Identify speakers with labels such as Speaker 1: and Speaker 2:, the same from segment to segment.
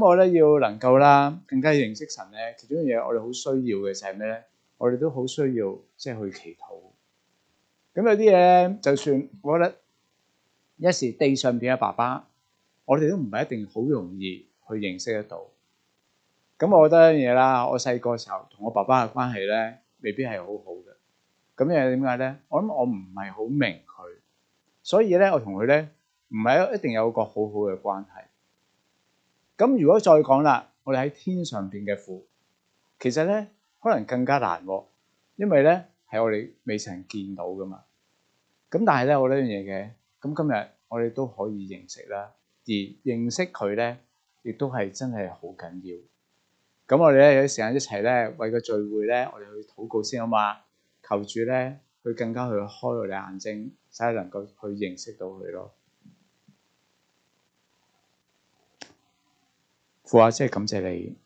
Speaker 1: 咁我咧要能夠啦，更加認識神咧，其中一樣嘢我哋好需要嘅就係咩咧？我哋都好需要即係去祈禱。咁有啲嘢就算我覺得一時地上邊嘅爸爸，我哋都唔係一定好容易去認識得到。咁我覺得一樣嘢啦，我細個時候同我爸爸嘅關係咧，未必係好好嘅。咁又點解咧？我諗我唔係好明佢，所以咧我同佢咧唔係一定有個好好嘅關係。咁如果再講啦，我哋喺天上邊嘅父，其實咧可能更加難喎、啊，因為咧係我哋未曾見到嘅嘛。咁但係咧，我呢樣嘢嘅，咁今日我哋都可以認識啦，而認識佢咧，亦都係真係好緊要。咁我哋咧有啲時間一齊咧，為個聚會咧，我哋去禱告先好嘛？求主咧去更加去開我哋眼睛，使能夠去認識到佢咯。父啊，即係感謝你，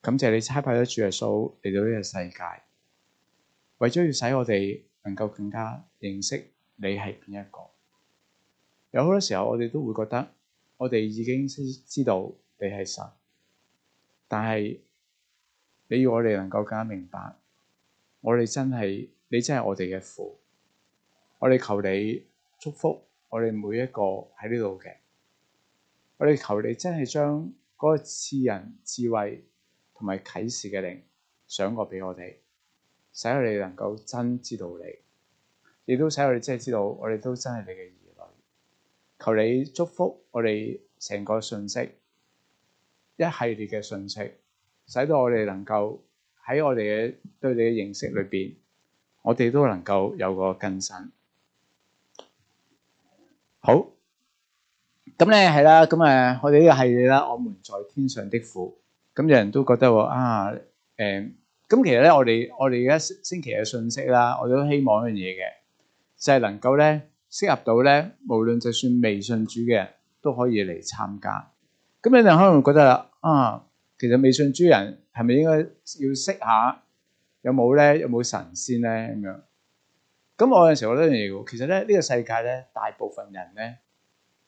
Speaker 1: 感謝你差派咗主耶穌嚟到呢個世界，為咗要使我哋能夠更加認識你係邊一個。有好多時候我哋都會覺得我哋已經知道你係神，但係你要我哋能夠更加明白我，我哋真係你真係我哋嘅父。我哋求你祝福我哋每一個喺呢度嘅，我哋求你真係將。嗰個賜人智慧同埋啟示嘅靈，想過俾我哋，使我哋能夠真知道你，亦都使我哋真係知道，我哋都真係你嘅兒女。求你祝福我哋成個信息，一系列嘅信息，使到我哋能夠喺我哋嘅對你嘅認識裏邊，我哋都能夠有個更新。好。咁咧係啦，咁誒，我哋呢個系列啦。我們在天上的父，咁有人都覺得喎啊，誒，咁其實咧，我哋我哋而家星期嘅信息啦，我都希望一樣嘢嘅，就係能夠咧適合到咧，無論就算未信主嘅人都可以嚟參加。咁有人可能覺得啦，啊，其實未信主人係咪應該要識下有冇咧，有冇神仙咧咁樣？咁我有時候覺得一樣嘢喎，其實咧呢個世界咧，大部分人咧。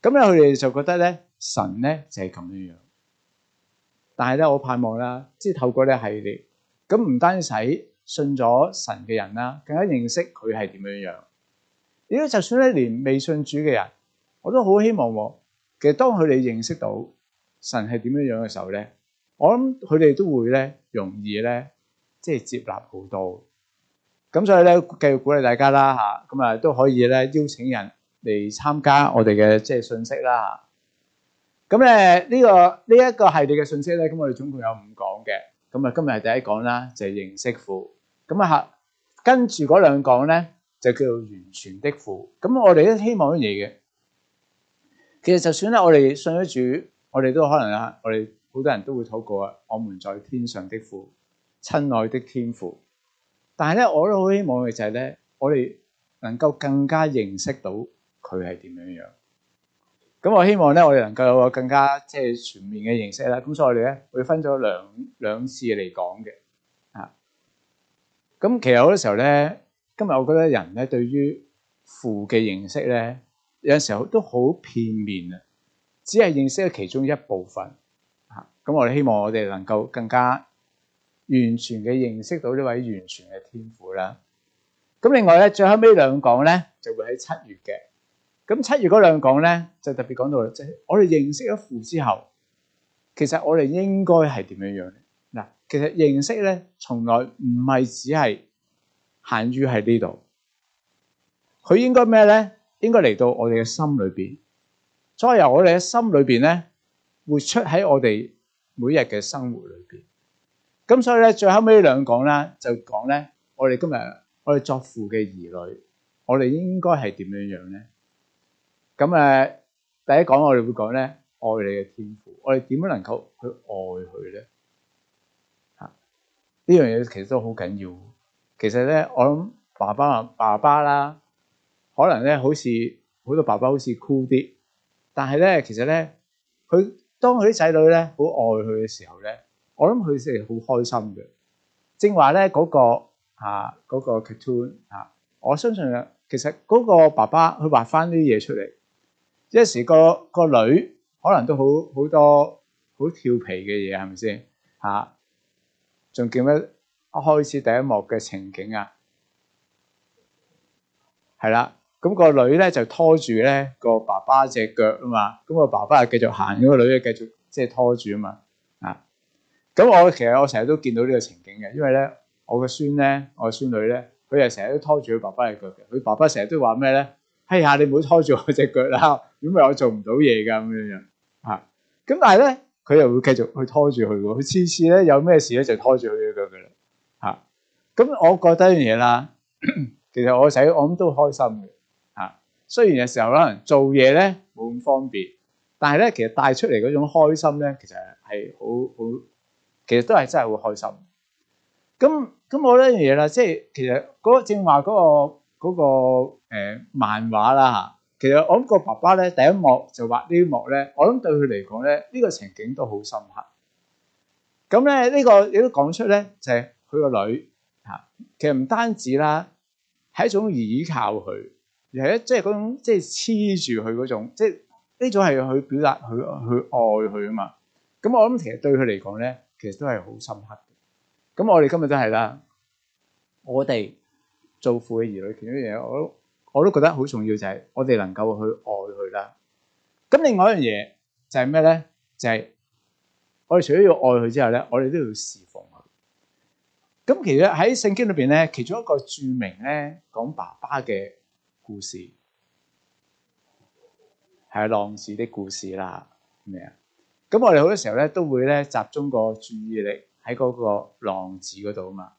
Speaker 1: 咁咧，佢哋就覺得咧，神咧就係咁樣樣。但係咧，我盼望啦，即係透過呢一系列，咁唔單止信咗神嘅人啦，更加認識佢係點樣樣。如果就算咧，連未信主嘅人，我都好希望喎。其實當佢哋認識到神係點樣樣嘅時候咧，我諗佢哋都會咧容易咧，即係接納好多。咁所以咧，繼續鼓勵大家啦嚇，咁啊都可以咧邀請人。嚟參加我哋嘅即係信息啦。咁咧，呢個呢一個系列嘅信息咧，咁我哋總共有五講嘅。咁啊，今日係第一講啦，就係認識父。咁啊，跟住嗰兩講咧，就叫做完全的父。咁我哋都希望一樣嘢嘅。其實就算咧，我哋信咗主，我哋都可能啊，我哋好多人都會禱告啊，我們在天上的父，親愛的天父。但係咧，我都好希望嘅就係咧，我哋能夠更加認識到。佢係點樣樣咁？我希望咧，我哋能夠有個更加即係全面嘅認識啦。咁所以我哋咧會分咗兩兩次嚟講嘅啊。咁其實好多時候咧，今日我覺得人咧對於父嘅認識咧，有時候都好片面啊，只係認識咗其中一部分啊。咁我哋希望我哋能夠更加完全嘅認識到呢位完全嘅天父啦。咁另外咧，最後尾兩講咧就會喺七月嘅。咁七月嗰兩講咧，就特別講到喇，即係我哋認識咗父之後，其實我哋應該係點樣樣咧？嗱，其實認識咧，從來唔係只係限於喺呢度。佢應該咩咧？應該嚟到我哋嘅心裏邊，再由我哋嘅心裏邊咧活出喺我哋每日嘅生活裏邊。咁所以咧，最後尾兩講咧就講咧，我哋今日我哋作父嘅兒女，我哋應該係點樣樣咧？咁誒、嗯，第一講我哋會講咧，愛你嘅天父，我哋點樣能夠去愛佢咧？嚇、啊，呢樣嘢其實都好緊要。其實咧，我諗爸爸啊，爸爸啦，可能咧好似好多爸爸好似酷啲，但係咧，其實咧，佢當佢啲仔女咧好愛佢嘅時候咧，我諗佢先係好開心嘅。正話咧，嗰、那個啊，嗰、那個 cartoon 啊，我相信啊，其實嗰個爸爸佢畫翻呢啲嘢出嚟。一時個個女可能都好好多好調皮嘅嘢係咪先吓？仲見到一開始第一幕嘅情景啊，係啦。咁、那個女咧就拖住咧個爸爸隻腳啊嘛。咁、那個爸爸又繼續行，咁、那個女又繼續即係拖住啊嘛。啊！咁我其實我成日都見到呢個情景嘅，因為咧我個孫咧，我個孫，孫女咧，佢就成日都拖住佢爸爸嘅腳嘅。佢爸爸成日都話咩咧？哎呀，你唔好拖住我隻腳啦！因為我做唔到嘢噶咁樣樣，嚇，咁但係咧，佢又會繼續去拖住佢喎。佢次次咧有咩事咧就拖住佢咁樣嘅啦，嚇、啊。咁我覺得一樣嘢啦，其實我仔我諗都開心嘅嚇、啊。雖然有時候可能做嘢咧冇咁方便，但係咧其實帶出嚟嗰種開心咧，其實係好好，其實都係真係會開心。咁咁我覺得一樣嘢啦，即係其實嗰正話嗰個嗰個欸漫畫啦嚇。其實我諗個爸爸咧第一幕就畫呢幕咧，我諗對佢嚟講咧呢、這個情景都好深刻。咁咧呢個亦都講出咧就係佢個女吓，其實唔單止啦，係一種依靠佢，而係一即係種即係黐住佢嗰種，即係呢種係佢表達佢佢愛佢啊嘛。咁我諗其實對佢嚟講咧，其實都係好深刻嘅。咁我哋今日都係啦，我哋做父嘅兒女其中一樣嘢，我都。我都覺得好重要，就係我哋能夠去愛佢啦。咁另外一樣嘢就係咩咧？就係我哋除咗要愛佢之後咧，我哋都要侍奉佢。咁其實喺聖經裏邊咧，其中一個著名咧講爸爸嘅故事，係浪子的故事啦，咩啊？咁我哋好多時候咧都會咧集中個注意力喺嗰個浪子嗰度啊嘛。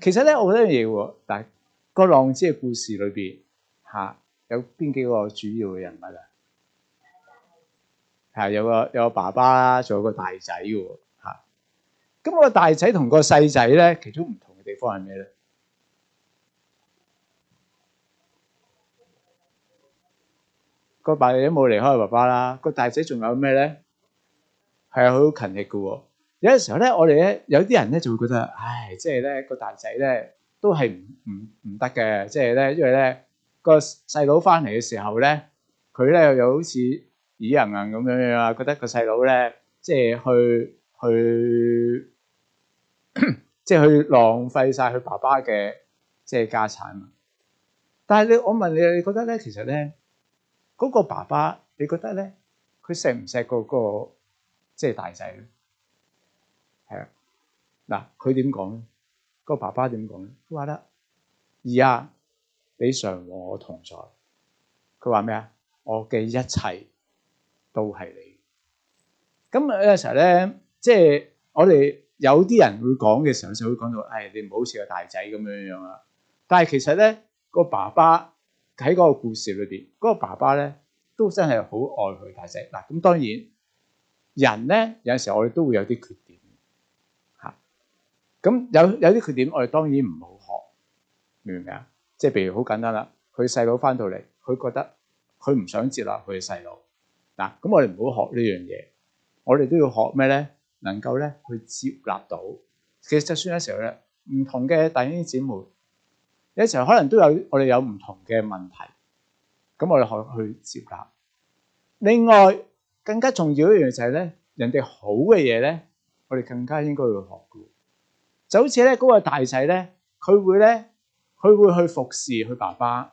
Speaker 1: 其實咧，我覺得一樣嘢喎，但。個浪子嘅故事裏邊，吓有邊幾個主要嘅人物啊？係有個有個爸爸啦，仲有個大仔嘅吓。咁我個大仔同個細仔咧，其中唔同嘅地方係咩咧？個爸爸冇離開爸爸啦，個大仔仲有咩咧？係好勤力嘅有時候咧，我哋咧有啲人咧就會覺得，唉，即係咧個大仔咧。都係唔唔唔得嘅，即係咧，因為咧個細佬翻嚟嘅時候咧，佢咧又好似耳人啊，咁樣樣啊，覺得個細佬咧即係去去即係去浪費曬佢爸爸嘅即係家產啊！但係你，我問你，你覺得咧，其實咧嗰個爸爸，你覺得咧佢錫唔錫個個即係大仔咧？係啊，嗱，佢點講咧？個爸爸點講咧？佢話得兒，啊你常和我同在。佢話咩啊？我嘅一切都係你。咁有時候咧，即係我哋有啲人會講嘅時候，就會講到：，哎，你唔好似個大仔咁樣樣啦。但係其實咧，個爸爸喺嗰個故事裏邊，嗰個爸爸咧都真係好愛佢大仔。嗱，咁當然人咧有陣時候我哋都會有啲權。咁有有啲缺點，我哋當然唔好學，明唔明啊？即係譬如好簡單啦，佢細佬返到嚟，佢覺得佢唔想接納佢嘅細佬嗱，咁我哋唔好學呢樣嘢。我哋都要學咩咧？能夠咧去接納到。其實就算有時候咧唔同嘅弟兄姊妹，有時候可能都有我哋有唔同嘅問題，咁我哋去去接納。另外更加重要一樣就係咧，人哋好嘅嘢咧，我哋更加應該要學㗎。就好似咧嗰個大仔咧，佢會咧，佢會去服侍佢爸爸，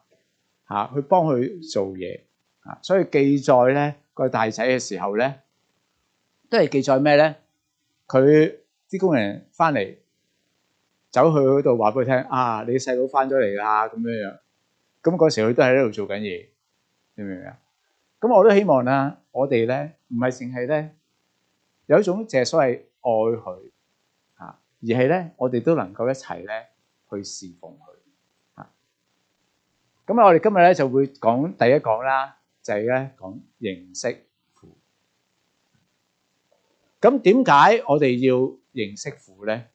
Speaker 1: 吓，去幫佢做嘢，啊，所以記載咧個大仔嘅時候咧，都係記載咩咧？佢啲工人翻嚟，走去嗰度話俾佢聽啊，你細佬翻咗嚟啦，咁樣樣。咁嗰時佢都喺呢度做緊嘢，你明唔明啊？咁我都希望啦，我哋咧唔係淨係咧有一種淨係所謂愛佢。而係咧，我哋都能夠一齊咧去侍奉佢。咁啊，我哋今日咧就會講第一講啦，就係咧講認識父。咁點解我哋要認識父咧？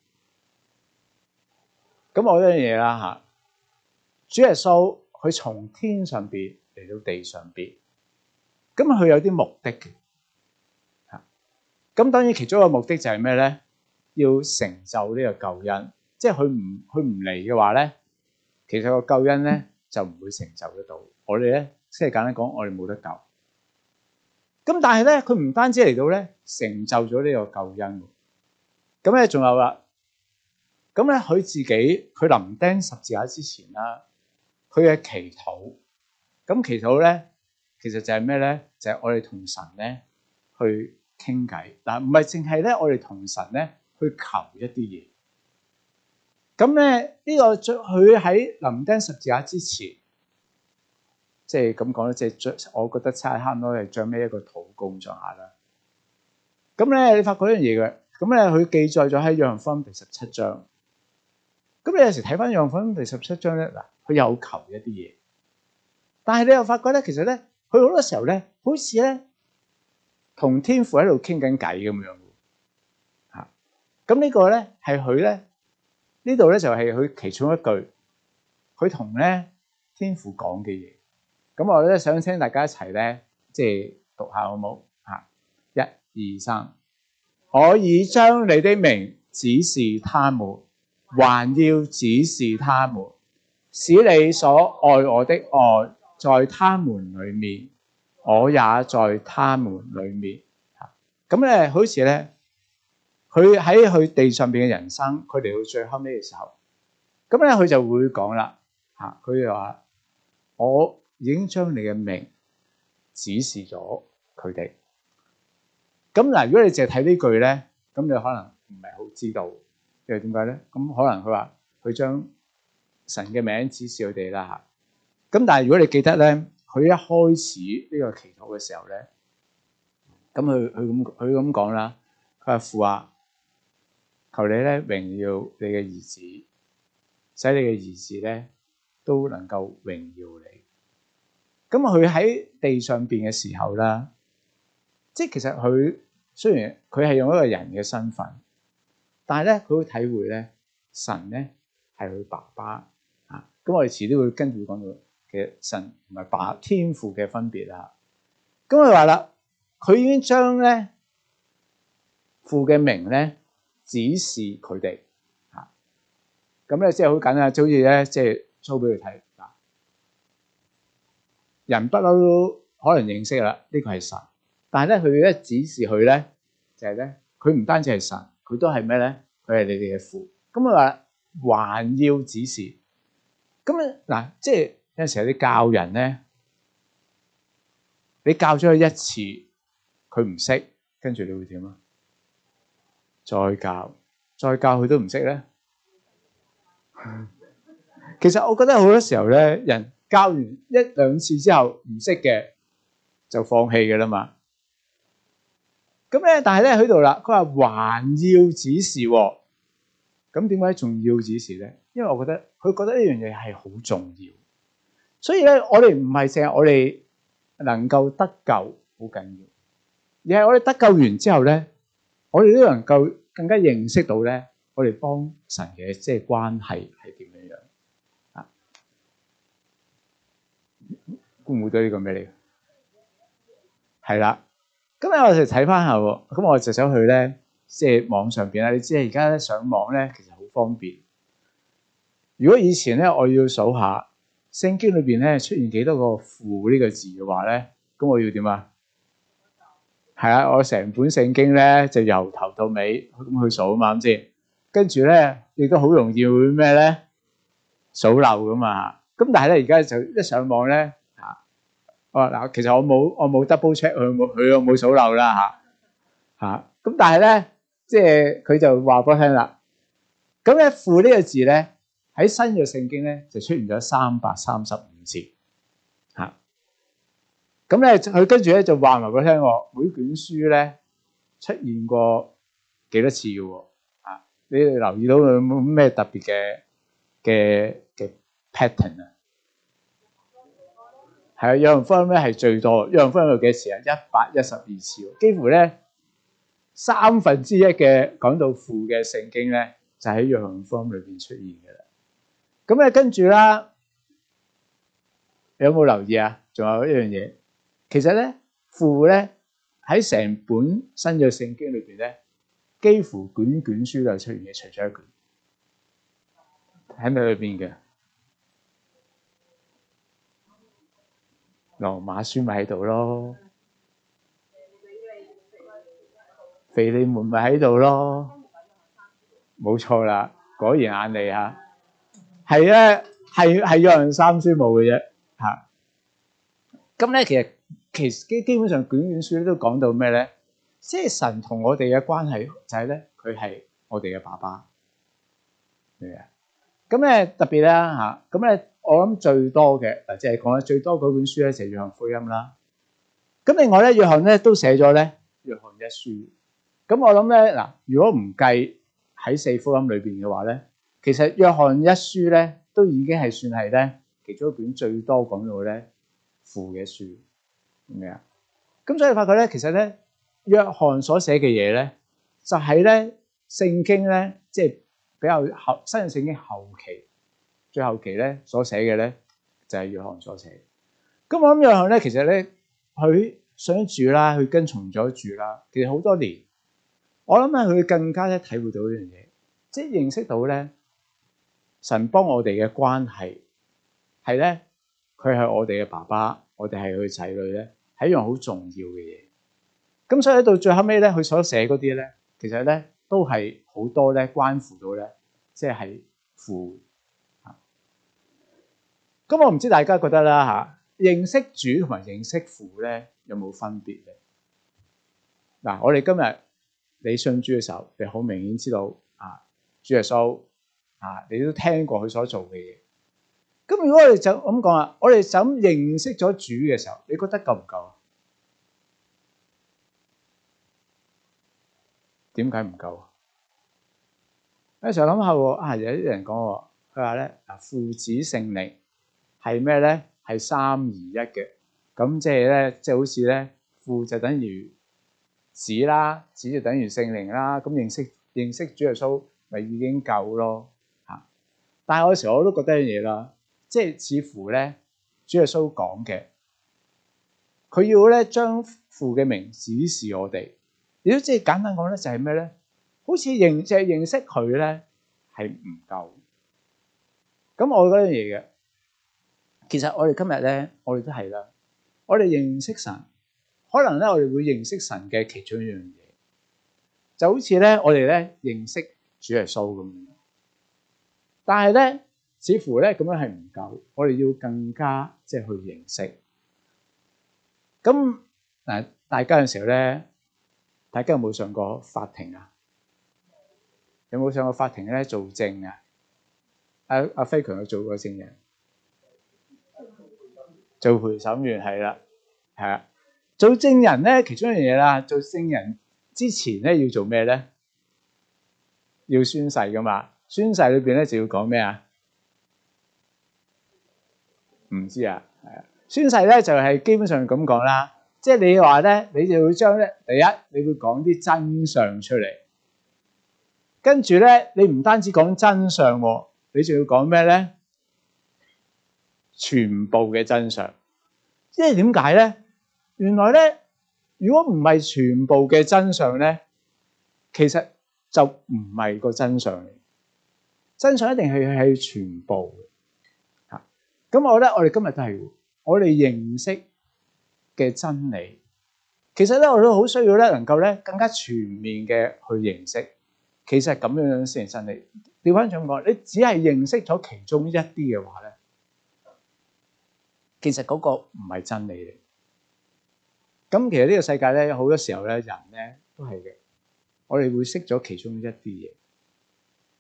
Speaker 1: 咁我有一樣嘢啦，吓，主耶穌佢從天上邊嚟到地上邊，咁佢有啲目的嘅。咁當然，其中一個目的就係咩咧？要成就呢個救恩，即係佢唔佢唔嚟嘅話咧，其實個救恩咧就唔會成就得到。我哋咧即係簡單講，我哋冇得救。咁但係咧，佢唔單止嚟到咧成就咗呢個救恩，咁咧仲有啦。咁咧佢自己佢臨釘十字架之前啦，佢嘅祈禱，咁、嗯、祈禱咧其實就係咩咧？就係、是、我哋同神咧去傾偈。嗱，唔係淨係咧，我哋同神咧。去求一啲嘢，咁咧呢個佢喺臨釘十字架之前，即係咁講咧，即係最我覺得差唔多咯，係最尾一個禱告上下啦。咁、嗯、咧、嗯、你發覺一樣嘢嘅，咁咧佢記載咗喺約翰福音第十七章。咁、嗯、你有時睇翻約翰福音第十七章咧，嗱，佢有求一啲嘢，但係你又發覺咧，其實咧佢好多時候咧，好似咧同天父喺度傾緊偈咁樣。咁呢個咧係佢咧呢度咧就係佢其中一句，佢同咧天父講嘅嘢。咁我咧想請大家一齊咧即係讀下好冇吓，一、二、三，我已將你的名指示他們，還要指示他們，使你所愛我的愛在他們裏面，我也在他們裏面吓。咁咧好似咧。佢喺佢地上邊嘅人生，佢嚟到最後尾嘅時候，咁咧佢就會講啦，吓佢就話，我已經將你嘅名指示咗佢哋。咁嗱，如果你淨係睇呢句咧，咁你可能唔係好知道，因為點解咧？咁可能佢話佢將神嘅名指示佢哋啦，吓。咁但係如果你記得咧，佢一開始呢個祈禱嘅時候咧，咁佢佢咁佢咁講啦，佢話父啊！求你咧榮耀你嘅兒子，使你嘅兒子咧都能夠榮耀你。咁佢喺地上邊嘅時候啦，即係其實佢雖然佢係用一個人嘅身份，但係咧佢會體會咧神咧係佢爸爸啊。咁我哋遲啲會跟住講到嘅神同埋爸天父嘅分別啊。咁佢話啦，佢已經將咧父嘅名咧。指示佢哋，吓，咁咧，即係好簡單，就好似咧，即係 show 俾佢睇，人不嬲都可能認識啦，呢個係神，但係咧，佢一指示佢咧，就係、是、咧，佢唔單止係神，佢都係咩咧？佢係你哋嘅父，咁啊話還要指示，咁咧嗱，即係有陣時啲教人咧，你教咗佢一次，佢唔識，跟住你會點啊？再教再教佢都唔識咧，其實我覺得好多時候咧，人教完一兩次之後唔識嘅就放棄嘅啦嘛。咁咧，但係咧喺度啦，佢話還要指示喎，咁點解仲要指示咧？因為我覺得佢覺得呢樣嘢係好重要，所以咧我哋唔係淨係我哋能夠得救好緊要，而係我哋得救完之後咧。我哋都能夠更加認識到咧，我哋幫神嘅即係關係係點樣樣啊？估唔估到呢個咩嚟？係啦，今日我哋睇翻下，咁、嗯、我就想去咧，即係網上邊啦。你知而家上網咧，其實好方便。如果以前咧，我要數下聖經裏邊咧出現幾多個父呢、這個字嘅話咧，咁我要點啊？係啊，我成本聖經咧就由頭到尾咁去數啊嘛，咁先。跟住咧亦都好容易會咩咧數漏噶嘛。咁但係咧，而家就一上網咧嚇，我嗱，其實我冇我冇 double check 佢冇佢有冇數漏啦嚇嚇。咁但係咧即係佢就話畀我聽啦。咁咧父呢個字咧喺新約聖經咧就出現咗三百三十五次。咁咧，佢跟住咧就話埋俾我聽喎。每卷書咧出現過幾多次嘅喎？啊，你留意到佢有冇咩特別嘅嘅嘅 pattern 啊？係啊，約翰福音咧係最多。約翰福音有幾次啊？一百一十二次喎，幾乎咧三分之一嘅講到父嘅聖經咧，就喺約翰福音裏邊出現嘅啦。咁咧跟住啦，有冇留意啊？仲有一樣嘢。其實咧，父咧喺成本新約聖經裏邊咧，幾乎卷卷書都出現嘅，除咗一卷，喺咪裏邊嘅？羅馬書咪喺度咯，腓利門咪喺度咯，冇錯啦，果然眼利呀，係呀，係係約翰三書冇嘅啫吓。咁咧，其實。其實基基本上卷卷書咧都講到咩咧？即係神同我哋嘅關係就係咧，佢係我哋嘅爸爸。明唔明？咁咧特別啦吓，咁咧我諗最多嘅，即係講得最多嗰本書咧就係約翰福音啦。咁另外咧，約翰咧都寫咗咧約翰一書。咁我諗咧嗱，如果唔計喺四福音裏邊嘅話咧，其實約翰一書咧都已經係算係咧其中一本最多講到咧父嘅書。咩啊？咁、嗯、所以發覺咧，其實咧，約翰所寫嘅嘢咧，就喺咧聖經咧，即係比較後新約聖經後期最後期咧所寫嘅咧，就係、是、約翰所寫。咁我諗約翰咧，其實咧，佢想住啦，佢跟從咗住啦。其實好多年，我諗咧佢更加咧體會到一樣嘢，即係認識到咧，神幫我哋嘅關係係咧，佢係我哋嘅爸爸，我哋係佢仔女咧。係一樣好重要嘅嘢，咁所以到最後尾咧，佢所寫嗰啲咧，其實咧都係好多咧關乎到咧，即係父啊。咁我唔知大家覺得啦嚇，認識主同埋認識父咧有冇分別咧？嗱，我哋今日你信主嘅時候，你好明顯知道啊，主耶穌啊，你都聽過佢所做嘅嘢。咁如果我哋就咁講啊，我哋就咁認識咗主嘅時候，你覺得夠唔夠？點解唔夠啊？我有時候諗下喎，啊有啲人講喎，佢話咧啊父子聖靈係咩咧？係三二一嘅，咁即係咧，即係好似咧父就等於子啦，子就等於聖靈啦。咁認識認識主耶穌咪已經夠咯嚇。但係我有時候我都覺得一樣嘢啦，即係似乎咧主耶穌講嘅，佢要咧將父嘅名指示我哋。如果即係簡單講咧，就係咩咧？好似認即係認識佢咧，係唔夠。咁我嗰樣嘢嘅，其實我哋今日咧，我哋都係啦。我哋認識神，可能咧我哋會認識神嘅其中一樣嘢，就好似咧我哋咧認識主耶穌咁樣。但係咧，似乎咧咁樣係唔夠，我哋要更加即係去認識。咁嗱，大家嘅時候咧。大家有冇上過法庭啊？有冇上過法庭咧做證啊？阿阿飛強有做過證人，做陪審員係啦，係啊，做證人咧，其中一樣嘢啦，做證人之前咧要做咩咧？要宣誓噶嘛？宣誓裏邊咧就要講咩啊？唔知啊，係啊，宣誓咧就係、是、基本上咁講啦。即係你話咧，你就會將咧第一，你會講啲真相出嚟，跟住咧，你唔單止講真相喎，你仲要講咩咧？全部嘅真相。即係點解咧？原來咧，如果唔係全部嘅真相咧，其實就唔係個真相嚟。真相一定係係全部嘅。吓，咁我咧，我哋今日都係，我哋認識，嘅真理，其實咧我都好需要咧，能夠咧更加全面嘅去認識，其實係咁樣樣先係真理。調翻轉講，你只係認識咗其中一啲嘅話咧，其實嗰個唔係真理嚟。咁其實呢個世界咧，好多時候咧，人咧都係嘅，我哋會識咗其中一啲嘢。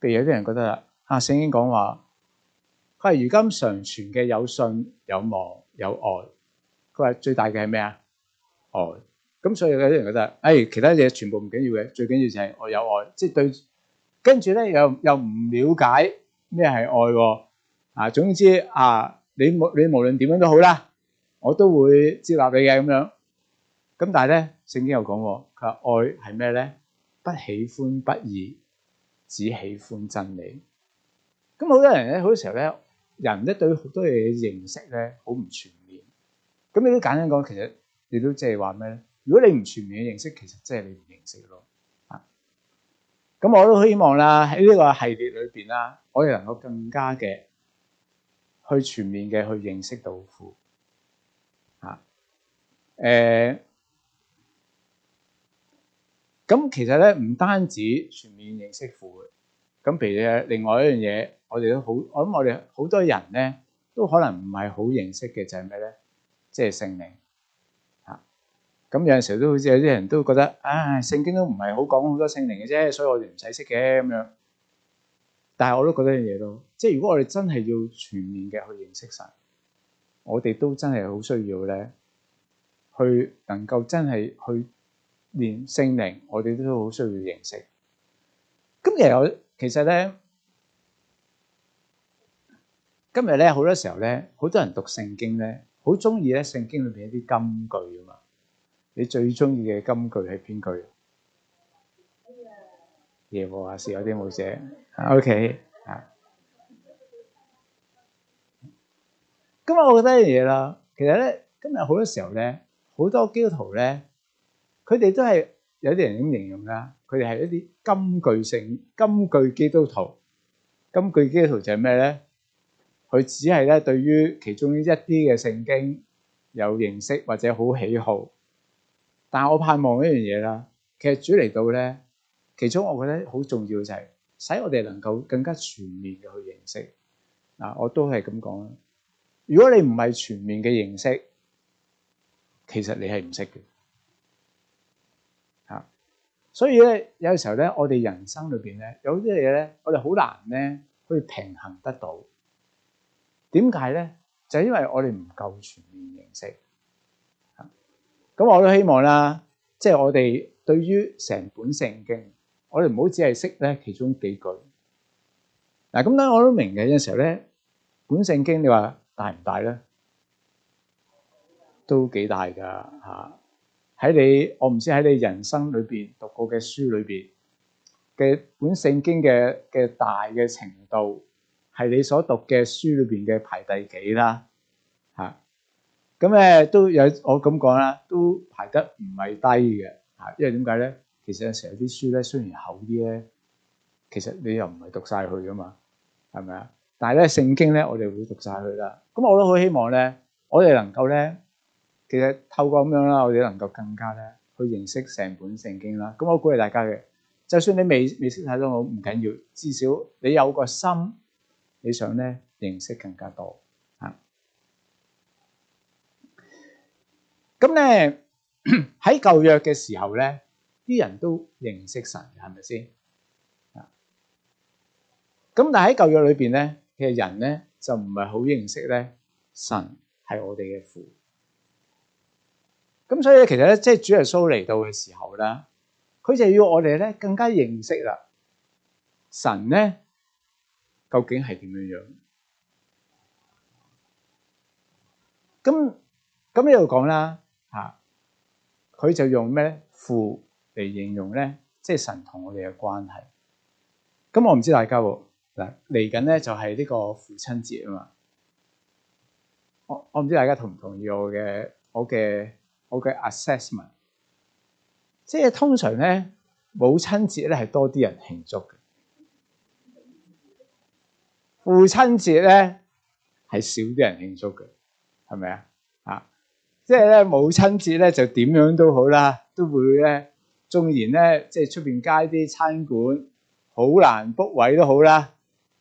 Speaker 1: 譬如有啲人覺得啦，啊聖經講話，佢係如今常存嘅有信有望有愛。佢話最大嘅係咩啊？哦咁，所以有啲人覺得，誒其他嘢全部唔緊要嘅，最緊要就係我有愛，即係對。跟住咧又又唔了解咩係愛喎啊！總之啊，你你無論點樣都好啦，我都會接納你嘅咁樣。咁但係咧，聖經又講，佢話愛係咩咧？不喜歡不義，只喜歡真理。咁好多人咧，好多時候咧，人咧對好多嘢認識咧，好唔全。咁你都簡單講，其實你都即係話咩咧？如果你唔全面認識，其實即係你唔認識咯。啊，咁我都希望啦，喺呢個系列裏邊啦，我哋能夠更加嘅去全面嘅去認識到父啊。誒、呃，咁其實咧唔單止全面認識父，咁譬如另外一樣嘢，我哋都好，我諗我哋好多人咧都可能唔係好認識嘅，就係咩咧？即係聖靈，吓，咁有陣時都好似有啲人都覺得，唉，聖經都唔係好講好多聖靈嘅啫，所以我哋唔使識嘅咁樣。但係我都覺得樣嘢咯，即係如果我哋真係要全面嘅去認識神，我哋都真係好需要咧，去能夠真係去連聖靈，我哋都好需要認識。今日我其實咧，今日咧好多時候咧，好多人讀聖經咧。好中意咧聖經裏邊一啲金句啊嘛！你最中意嘅金句係邊句？耶和華是有啲冇寫。OK 啊。咁啊，我覺得一樣嘢啦。其實咧，今日好多時候咧，好多基督徒咧，佢哋都係有啲人咁形容啦。佢哋係一啲金句性金句基督徒。金句基督徒就係咩咧？佢只係咧對於其中一啲嘅聖經有認識或者好喜好，但我盼望一樣嘢啦。其實主嚟到咧，其中我覺得好重要就係使我哋能夠更加全面嘅去認識。嗱，我都係咁講啦。如果你唔係全面嘅認識，其實你係唔識嘅啊。所以咧有時候咧，我哋人生裏邊咧有啲嘢咧，我哋好難咧去平衡得到。點解咧？就因為我哋唔夠全面認識，咁我都希望啦，即係我哋對於成本聖經，我哋唔好只係識咧其中幾句。嗱，咁但係我都明嘅，有時候咧，本聖經你話大唔大咧？都幾大噶吓，喺你我唔知喺你人生裏邊讀過嘅書裏邊嘅本聖經嘅嘅大嘅程度。係你所讀嘅書裏邊嘅排第幾啦，嚇咁咧都有我咁講啦，都排得唔係低嘅嚇，因為點解咧？其實有時有啲書咧，雖然厚啲咧，其實你又唔係讀晒佢噶嘛，係咪啊？但係咧，聖經咧，我哋會讀晒佢啦。咁我都好希望咧，我哋能夠咧，其實透過咁樣啦，我哋能夠更加咧去認識成本聖經啦。咁我鼓勵大家嘅，就算你未未識曬都好，唔緊要，至少你有個心。你想咧認識更加多啊？咁咧喺舊約嘅時候咧，啲人都認識神，係咪先啊？咁但係喺舊約裏邊咧，其實人咧就唔係好認識咧神係我哋嘅父。咁所以其實咧，即係主耶穌嚟到嘅時候咧，佢就要我哋咧更加認識啦神咧。究竟係點樣樣？咁咁呢度講啦，吓佢就用咩咧父嚟形容咧，即係神同我哋嘅關係。咁我唔知大家喎，嗱嚟緊咧就係呢個父親節啊嘛。我我唔知大家同唔同意我嘅我嘅我嘅 assessment，即係通常咧母親節咧係多啲人慶祝。父親節咧係少啲人慶祝嘅，係咪啊？啊，即係咧母親節咧就點樣都好啦，都會咧縱然咧即係出邊街啲餐館好難 book 位都好啦，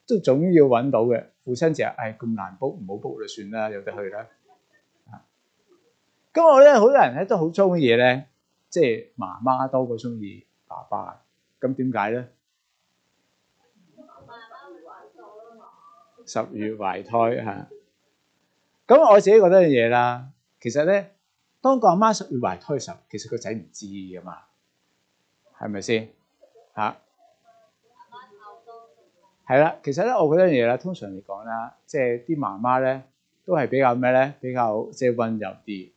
Speaker 1: 都總要揾到嘅。父親節啊，唉、哎、咁難 book，唔好 book 就算啦，有得去啦。咁、啊、我咧好多人咧都好中意嘢咧，即係媽媽多過中意爸爸。咁點解咧？十月懷胎嚇，咁我自己覺得樣嘢啦。其實咧，當個阿媽十月懷胎嘅時候，其實個仔唔知㗎嘛，係咪先嚇？係啦，其實咧，我覺得樣嘢啦，通常嚟講啦，即係啲媽媽咧都係比較咩咧，比較即係温柔啲。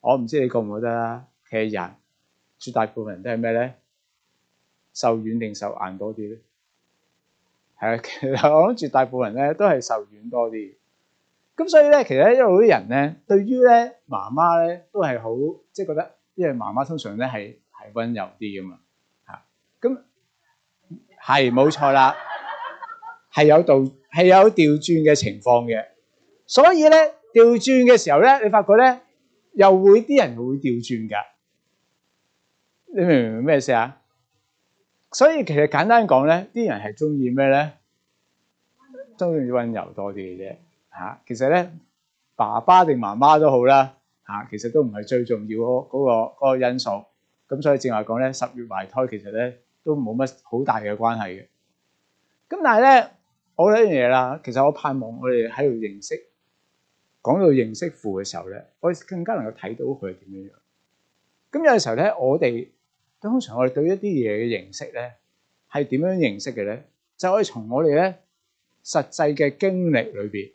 Speaker 1: 我唔知你覺唔覺得啦，其實人絕大部分人都係咩咧，受軟定受硬多啲咧？係啊，其實我諗住大部分人咧都係受軟多啲，咁所以咧，其實一路啲人咧，對於咧媽媽咧都係好即係覺得，因為媽媽通常咧係係温柔啲噶嘛，嚇咁係冇錯啦。係有倒係有調轉嘅情況嘅，所以咧調轉嘅時候咧，你發覺咧又會啲人會調轉㗎，你明唔明咩意思啊？所以其實簡單講咧，啲人係中意咩咧？中意溫柔多啲嘅啫。吓，其實咧，爸爸定媽媽都好啦。吓，其實都唔係最重要嗰嗰個嗰個因素。咁所以正話講咧，十月懷胎其實咧都冇乜好大嘅關係嘅。咁但係咧，我呢樣嘢啦，其實我盼望我哋喺度認識，講到認識父嘅時候咧，可以更加能夠睇到佢係點樣樣。咁有時候咧，我哋。咁通常我哋對一啲嘢嘅認識咧，係點樣認識嘅咧？就可以從我哋咧實際嘅經歷裏邊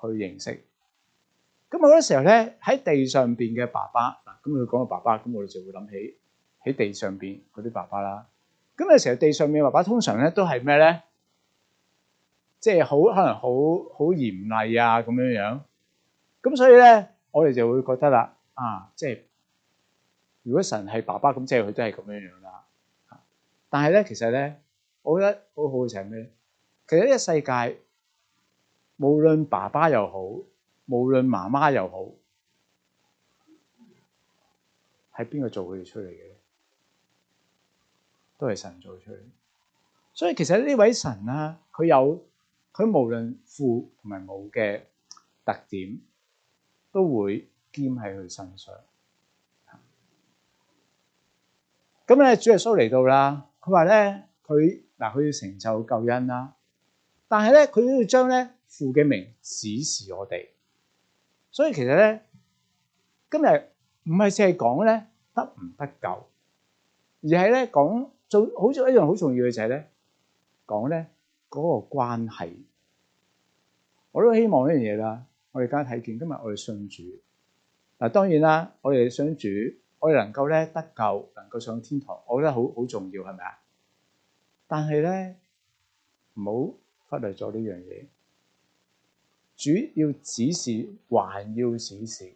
Speaker 1: 去認識。咁好多時候咧喺地上邊嘅爸爸，嗱，咁佢講個爸爸，咁我哋就會諗起喺地上邊嗰啲爸爸啦。咁有時候地上邊嘅爸爸通常咧都係咩咧？即係好可能好好嚴厲啊咁樣樣。咁所以咧我哋就會覺得啦，啊，即係。如果神係爸爸咁，即係佢都係咁樣樣啦。但係咧，其實咧，我覺得好好嘅就係咩咧？其實呢個世界，無論爸爸又好，無論媽媽又好，係邊個做佢哋出嚟嘅咧？都係神做出嚟。所以其實呢位神啊，佢有佢無論父同埋母嘅特點，都會兼喺佢身上。咁咧，主耶穌嚟到啦，佢話咧，佢嗱佢要成就救恩啦，但係咧，佢都要將咧父嘅名指示我哋。所以其實咧，今日唔係淨係講咧得唔得救，而係咧講做好似一樣好重要嘅就係咧講咧嗰個關係。我都希望一樣嘢啦，我哋而家睇見今日我哋信主嗱，當然啦，我哋信主。我能夠咧得救，能夠上天堂，我覺得好好重要，係咪啊？但係咧，唔好忽略咗呢樣嘢。主要指示，還要指示，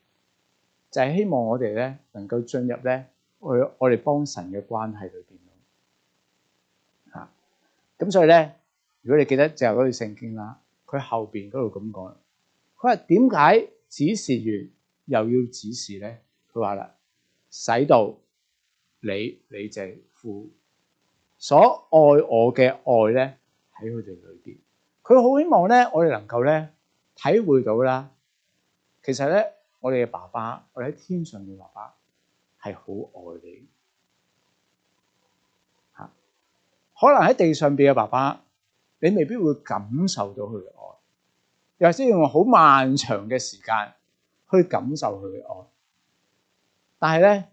Speaker 1: 就係希望我哋咧能夠進入咧，我我哋幫神嘅關係裏邊。吓，咁所以咧，如果你記得最後嗰段聖經啦，佢後邊嗰度咁講，佢話，點解指示完又要指示咧？佢話啦。使到你你仔父所愛我嘅愛咧喺佢哋裏邊，佢好希望咧我哋能夠咧體會到啦。其實咧我哋嘅爸爸，我哋喺天上嘅爸爸係好愛你吓。可能喺地上邊嘅爸爸，你未必會感受到佢嘅愛，又或者用好漫長嘅時間去感受佢嘅愛。但係咧，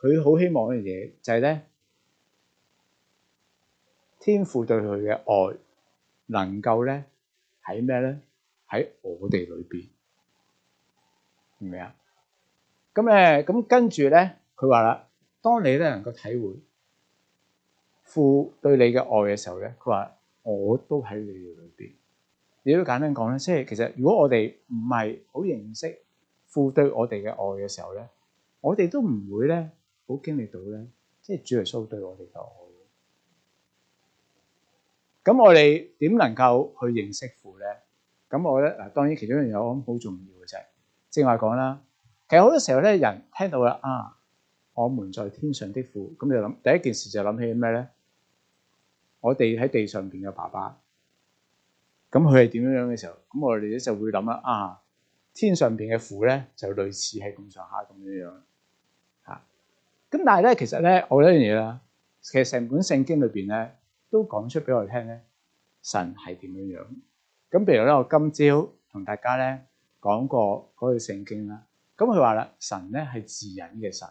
Speaker 1: 佢好希望一樣嘢就係咧，天父對佢嘅愛，能夠咧喺咩咧？喺我哋裏邊，明唔明啊？咁咧，咁跟住咧，佢話啦，當你咧能夠體會父對你嘅愛嘅時候咧，佢話我都喺你哋裏邊。亦都簡單講咧，即係其實如果我哋唔係好認識父對我哋嘅愛嘅時候咧。我哋都唔會咧，好經歷到咧，即係主耶穌對我哋咁好。咁我哋點能夠去認識父咧？咁我覺得嗱，當然其中一樣嘢我諗好重要嘅就係正話講啦。其實好多時候咧，人聽到啦啊，我們在天上的父，咁你諗，第一件事就諗起咩咧？我哋喺地上邊嘅爸爸，咁佢係點樣樣嘅時候，咁我哋咧就會諗啦啊，天上邊嘅父咧就類似係咁上下咁樣樣。咁但係咧，其實咧，我呢樣嘢啦，其實成本聖經裏邊咧，都講出俾我哋聽咧，神係點樣樣。咁譬如咧，我今朝同大家咧講過嗰句聖經啦。咁佢話啦，神咧係自隱嘅神。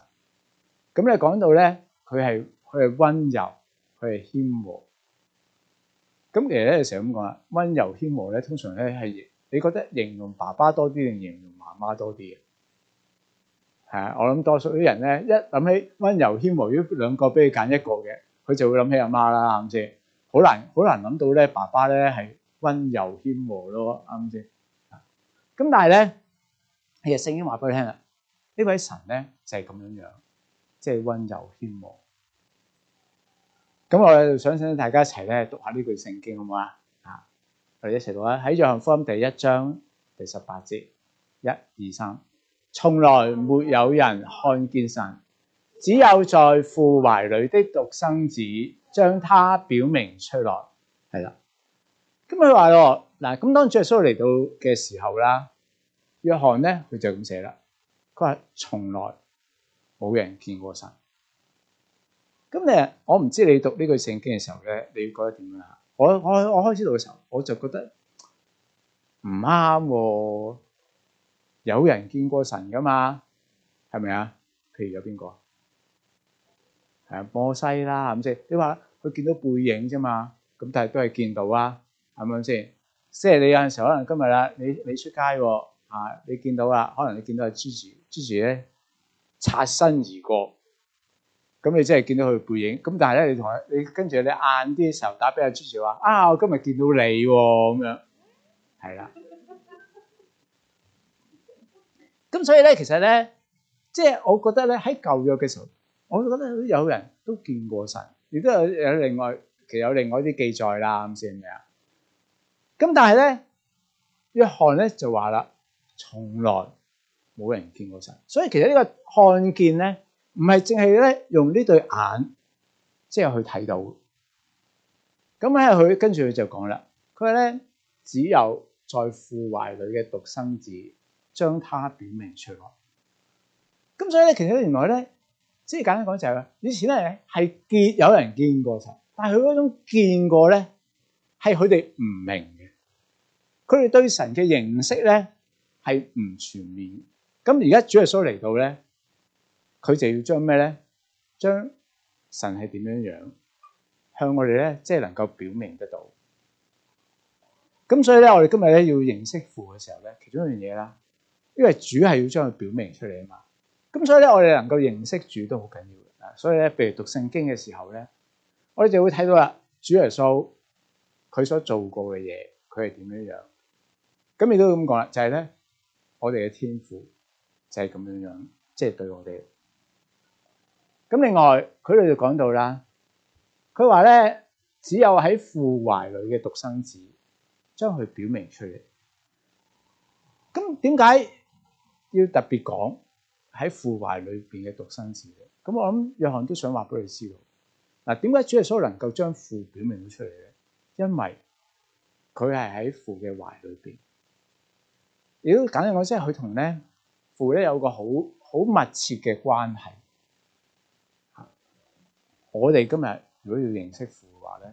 Speaker 1: 咁你講到咧，佢係佢係温柔，佢係謙和。咁其實咧，成日咁講啦，温柔謙和咧，通常咧係你覺得形容爸爸多啲定形容媽媽多啲嘅？誒，我諗多數啲人咧，一諗起温柔謙和呢兩個，俾佢揀一個嘅，佢就會諗起阿媽啦，啱唔啱先？好難好難諗到咧，爸爸咧係温柔謙和咯，啱唔啱先？咁但係咧，其實聖經話俾你聽啦，呢位神咧就係咁樣樣，即係温柔謙和。咁我哋想請大家一齊咧讀下呢句聖經，好唔好啊？啊，大家一齊讀啦，喺約翰福音第一章第十八節，一二三。從來沒有人看見神，只有在父懷裏的獨生子將他表明出，嗯嗯、來。係啦，咁佢話咯，嗱，咁當主耶穌嚟到嘅時候啦，約翰咧佢就咁寫啦，佢話從來冇人見過神。咁你，我唔知你讀呢句聖經嘅時候咧，你覺得點樣啊？我我我開始讀嘅時候，我就覺得唔啱，啊。有人見過神噶嘛？係咪啊？譬如有邊個？係啊，摩西啦，係咪先？你話佢見到背影啫嘛？咁但係都係見到啊，係咪先？即係你有陣時候可能今日啦，你你出街啊，啊你見到啦，可能你見到阿 Gigi，Gigi 咧擦身而過，咁你真係見到佢背影。咁但係咧，你同你跟住你晏啲嘅時候打俾阿 Gigi 話：啊，我今日見到你咁、啊、樣，係啦、啊。咁所以咧，其實咧，即係我覺得咧，喺舊約嘅時候，我覺得有人都見過神，亦都有有另外其實有另外一啲記載啦，咁先係咪啊？咁但係咧，約翰咧就話啦，從來冇人見過神，所以其實個漢呢個看見咧，唔係淨係咧用呢對眼即係去睇到。咁咧，佢跟住佢就講啦，佢話咧，只有在父懷裏嘅獨生子。將他表明出來，咁所以咧，其實原來咧，即係簡單講就係咧，以前咧係見有人見過神，但係佢嗰種見過咧，係佢哋唔明嘅，佢哋對神嘅認識咧係唔全面。咁而家主耶穌嚟到咧，佢就要將咩咧，將神係點樣樣，向我哋咧即係能夠表明得到。咁所以咧，我哋今日咧要認識父嘅時候咧，其中一樣嘢啦。因為主係要將佢表明出嚟啊嘛，咁所以咧，我哋能夠認識主都好緊要嘅。所以咧，譬如讀聖經嘅時候咧，我哋就會睇到啦，主耶穌佢所做過嘅嘢，佢係點樣樣。咁亦都咁講啦，就係咧，我哋嘅天父就係咁樣樣，即係對我哋。咁另外佢哋就講到啦，佢話咧，只有喺父懷裏嘅獨生子將佢表明出嚟。咁點解？要特別講喺父懷裏邊嘅獨生子咧，咁我諗約翰都想話俾佢知道。嗱，點解主耶穌能夠將父表明出嚟咧？因為佢係喺父嘅懷裏邊。如果簡單講即係佢同咧父咧有個好好密切嘅關係。嚇，我哋今日如果要認識父嘅話咧，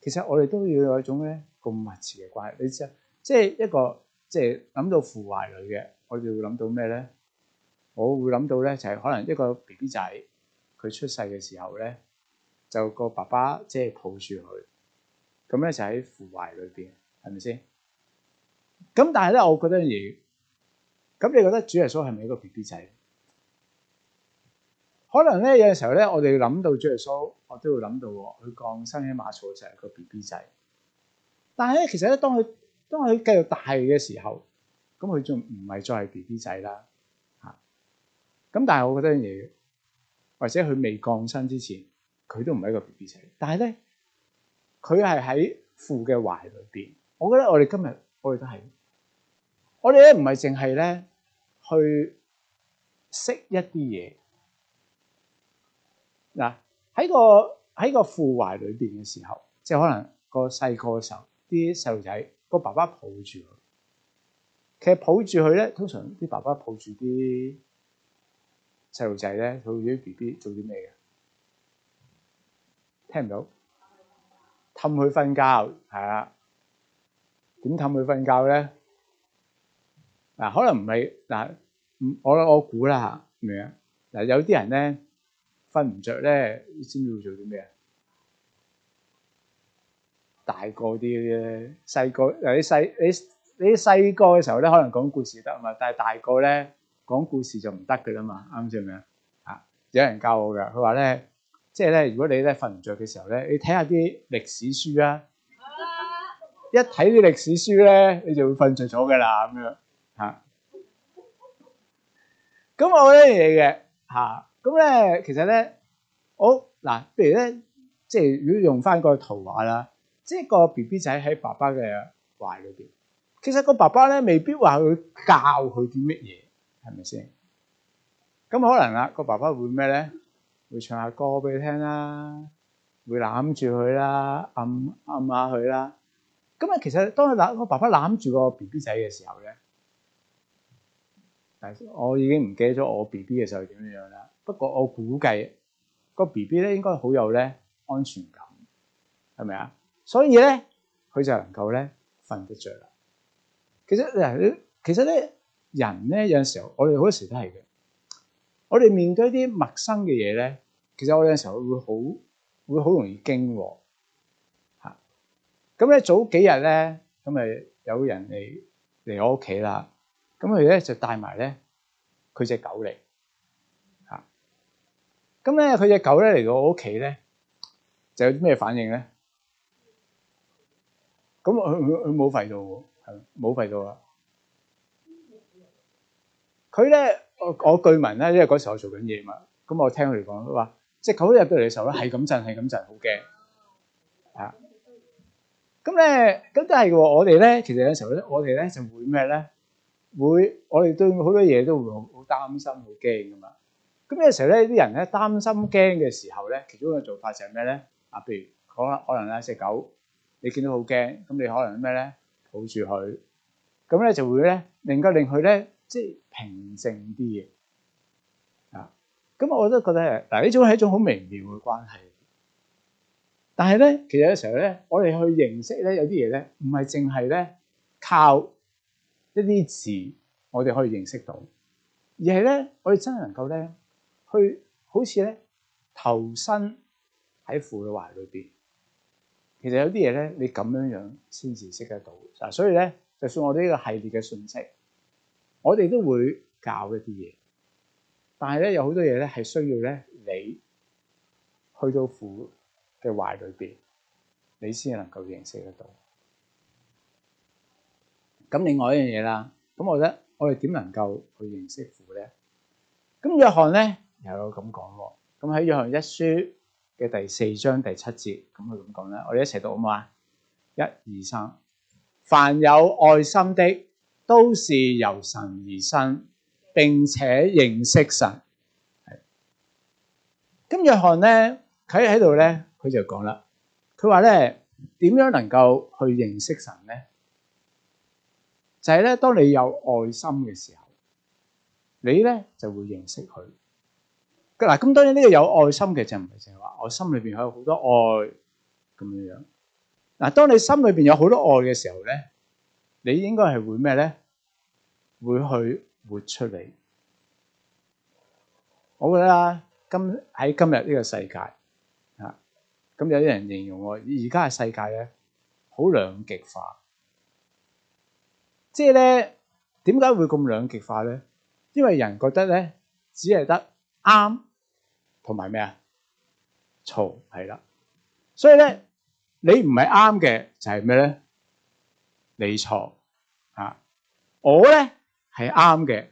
Speaker 1: 其實我哋都要有一種咧咁密切嘅關係。你知啊，即係一個即係諗到父懷裏嘅。我哋會諗到咩咧？我會諗到咧，就係可能一個 B B 仔，佢出世嘅時候咧，就個爸爸即係抱住佢，咁咧就喺父懷裏邊，係咪先？咁但係咧，我覺得樣嘢，咁你覺得主耶穌係咪一個 B B 仔？可能咧有陣時候咧，我哋諗到主耶穌，我都要諗到佢降生喺馬槽就係個 B B 仔，但係咧其實咧，當佢當佢繼續大嘅時候。咁佢仲唔係再係 B B 仔啦，吓，咁但係我覺得嘢，或者佢未降生之前，佢都唔係一個 B B 仔。但係咧，佢係喺父嘅懷裏邊。我覺得我哋今日我哋都係，我哋咧唔係淨係咧去識一啲嘢，嗱，喺個喺個父懷裏邊嘅時候，即係可能個細個嘅時候，啲細路仔個爸爸抱住其實抱住佢咧，通常啲爸爸抱住啲細路仔咧，抱住啲 BB 做啲咩嘅？聽唔到？氹佢瞓覺，係啊？點氹佢瞓覺咧？嗱，可能唔係嗱，我我估啦嚇，明啊？嗱，有啲人咧瞓唔着咧，先要做啲咩啊？大個啲嘅，細個有啲細你。你你細個嘅時候咧，可能講故事得嘛，但係大個咧講故事就唔得嘅啦嘛，啱唔啱先啊？啊，有人教我嘅，佢話咧，即係咧，如果你咧瞓唔着嘅時候咧，你睇下啲歷史書啊，啊一睇啲歷史書咧，你就會瞓着咗嘅啦咁樣。嚇、啊，咁我呢樣嘢嘅嚇，咁、啊、咧其實咧，好嗱，不、啊、如咧，即、就、係、是、如果用翻個圖畫啦，即、就、係、是、個 B B 仔喺爸爸嘅懷裏邊。其實個爸爸咧，未必話會教佢啲乜嘢，係咪先？咁可能啊，個爸爸會咩咧？會唱下歌俾佢聽啦，會攬住佢啦，撳撳下佢啦。咁啊，其實當佢攬個爸爸攬住個 B B 仔嘅時候咧，我已經唔記得咗我 B B 嘅時候點樣樣啦。不過我估計個 B B 咧應該好有咧安全感，係咪啊？所以咧，佢就能夠咧瞓得著啦。其實嗱，你其實咧，人咧有陣時候，我哋好多時都係嘅。我哋面對一啲陌生嘅嘢咧，其實我有陣時候會好，會好容易驚吓。咁咧早幾日咧，咁咪有人嚟嚟我屋企啦。咁佢咧就帶埋咧佢隻狗嚟。吓，咁咧佢隻狗咧嚟到我屋企咧，就有啲咩反應咧？咁佢佢佢冇吠到。冇吠到啦！佢咧，我據聞咧，因為嗰時候我做緊嘢嘛，咁我聽佢哋講，佢話隻狗入到嚟嘅時候咧，係咁震，係咁震，好驚，係啊！咁咧，咁都係喎。我哋咧，其實有時候咧，我哋咧就會咩咧？會，我哋對好多嘢都會好擔心、好驚㗎嘛。咁有時候咧，啲人咧擔心驚嘅時候咧，其中一個做法就係咩咧？啊，譬如講啦，可能咧，隻狗你見到好驚，咁你可能咩咧？抱住佢，咁咧就會咧，能夠令佢咧即係平靜啲嘅，啊，咁我都覺得嗱呢種係一種好微妙嘅關係，但係咧，其實有時候咧，我哋去認識咧，有啲嘢咧，唔係淨係咧靠一啲字，我哋可以認識到，而係咧，我哋真係能夠咧，去好似咧，投身喺父嘅懷裏邊。其實有啲嘢咧，你咁樣樣先至識得到嗱，所以咧，就算我哋呢個系列嘅信息，我哋都會教一啲嘢，但係咧，有好多嘢咧係需要咧你去到父嘅懷裏邊，你先能夠認識得到。咁另外一樣嘢啦，咁我覺得我哋點能夠去認識父咧？咁約翰咧又有咁講喎，咁喺約翰一書。嘅第四章第七節，咁佢咁講咧，我哋一齊讀好唔好啊？一二三，凡有愛心的，都是由神而生，並且認識神。咁約翰咧，佢喺度咧，佢就講啦，佢話咧，點樣能夠去認識神咧？就係咧，當你有愛心嘅時候，你咧就會認識佢。嗱，咁當然呢個有愛心嘅就唔係淨係話我心裏邊有好多愛咁樣樣。嗱，當你心裏邊有好多愛嘅時候咧，你應該係會咩咧？會去活出嚟。我覺得啦，今喺今日呢個世界啊，咁有啲人形容我而家嘅世界咧，好兩極化。即係咧，點解會咁兩極化咧？因為人覺得咧，只係得。啱，同埋咩啊？錯係啦，所以咧，你唔係啱嘅就係咩咧？你錯啊，我咧係啱嘅，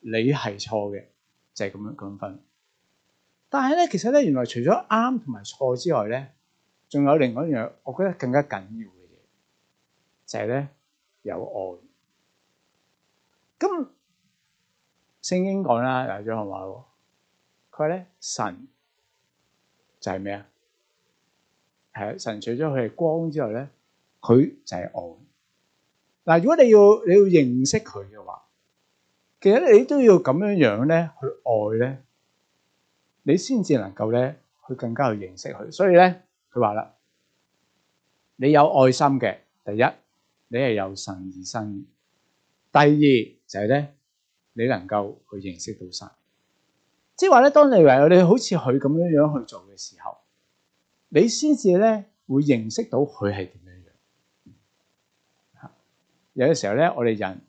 Speaker 1: 你係錯嘅，就係、是、咁樣咁分。但係咧，其實咧，原來除咗啱同埋錯之外咧，仲有另外一樣，我覺得更加緊要嘅嘢，就係、是、咧有愛。咁聖經講啦，亞當話。佢咧神就係咩啊？係神除咗佢係光之外咧，佢就係愛。嗱，如果你要你要認識佢嘅話，其實你都要咁樣樣咧去愛咧，你先至能夠咧去更加去認識佢。所以咧，佢話啦，你有愛心嘅，第一你係由神而生，第二就係咧，你能夠去認識到神。即係話咧，當你以為我哋好似佢咁樣樣去做嘅時候，你先至咧會認識到佢係點樣樣、嗯。有啲時候咧，我哋人，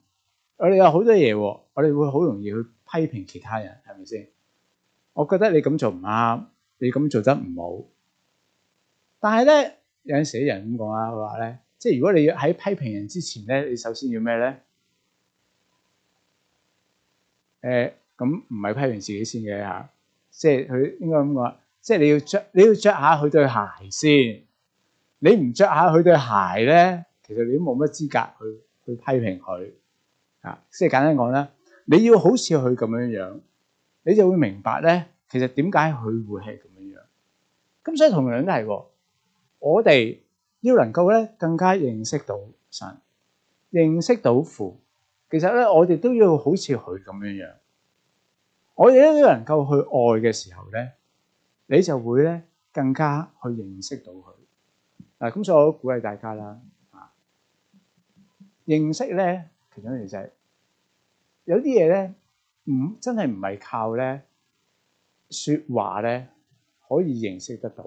Speaker 1: 我哋有好多嘢，我哋會好容易去批評其他人，係咪先？我覺得你咁做唔啱，你咁做得唔好。但係咧，有陣時啲人咁講，佢話咧，即係如果你要喺批評人之前咧，你首先要咩咧？誒、呃。咁唔係批評自己先嘅嚇，即係佢應該咁講，即係你要著你要著下佢對鞋先，你唔著下佢對鞋咧，其實你都冇乜資格去去批評佢嚇。即係簡單講咧，你要好似佢咁樣樣，你就會明白咧，其實點解佢會係咁樣樣。咁所以同樣都係，我哋要能夠咧更加認識到神，認識到父，其實咧我哋都要好似佢咁樣樣。我哋咧能夠去愛嘅時候咧，你就會咧更加去認識到佢嗱。咁所以我鼓勵大家啦啊，認識咧，其實就係有啲嘢咧，唔真係唔係靠咧説話咧可以認識得到，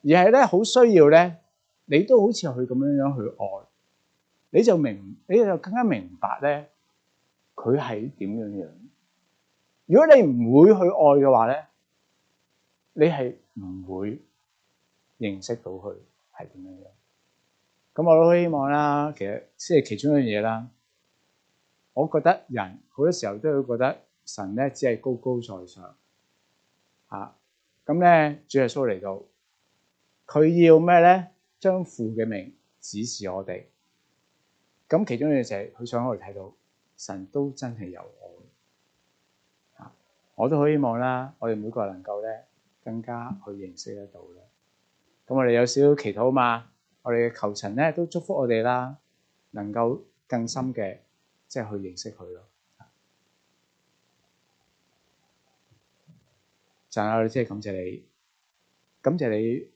Speaker 1: 而係咧好需要咧，你都好似去咁樣樣去愛，你就明你就更加明白咧佢係點樣樣。如果你唔會去愛嘅話咧，你係唔會認識到佢係點樣樣。咁我都希望啦，其實即係其中一樣嘢啦。我覺得人好多時候都會覺得神咧只係高高在上，吓咁咧，主耶穌嚟到，佢要咩咧？將父嘅名指示我哋。咁其中一樣嘢就係，佢想我哋睇到神都真係有。我都好希望啦，我哋每個人能夠咧，更加去認識得到啦。咁我哋有少少祈禱啊嘛，我哋嘅求神咧都祝福我哋啦，能夠更深嘅即係去認識佢咯。就係我哋，即係感謝你，感謝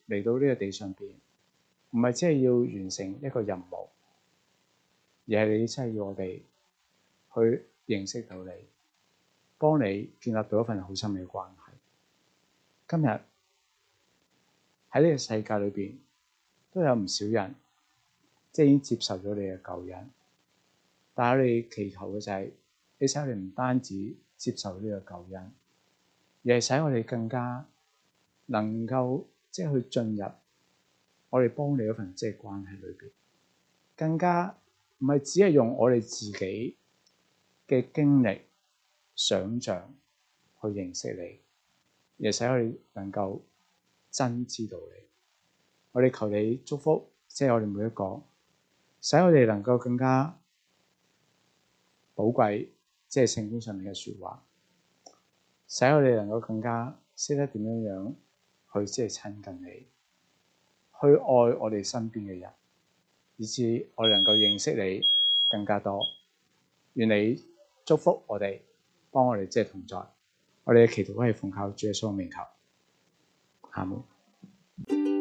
Speaker 1: 你嚟到呢個地上邊，唔係即係要完成一個任務，而係你真係要我哋去認識到你。幫你建立到一份好深嘅關係。今日喺呢個世界裏邊，都有唔少人，即係已經接受咗你嘅救恩。但係你祈求嘅就係、是，你使你唔單止接受呢個救恩，而係使我哋更加能夠即係去進入我哋幫你嗰份即係關係裏邊，更加唔係只係用我哋自己嘅經歷。想象去認識你，亦使我哋能夠真知道你。我哋求你祝福，即係我哋每一個，使我哋能夠更加寶貴，即係聖經上面嘅說話，使我哋能夠更加識得點樣樣去即係親近你，去愛我哋身邊嘅人，以至我哋能夠認識你更加多。願你祝福我哋。幫我哋即係同在，我哋嘅祈禱可以奉靠主嘅聖名求。阿們。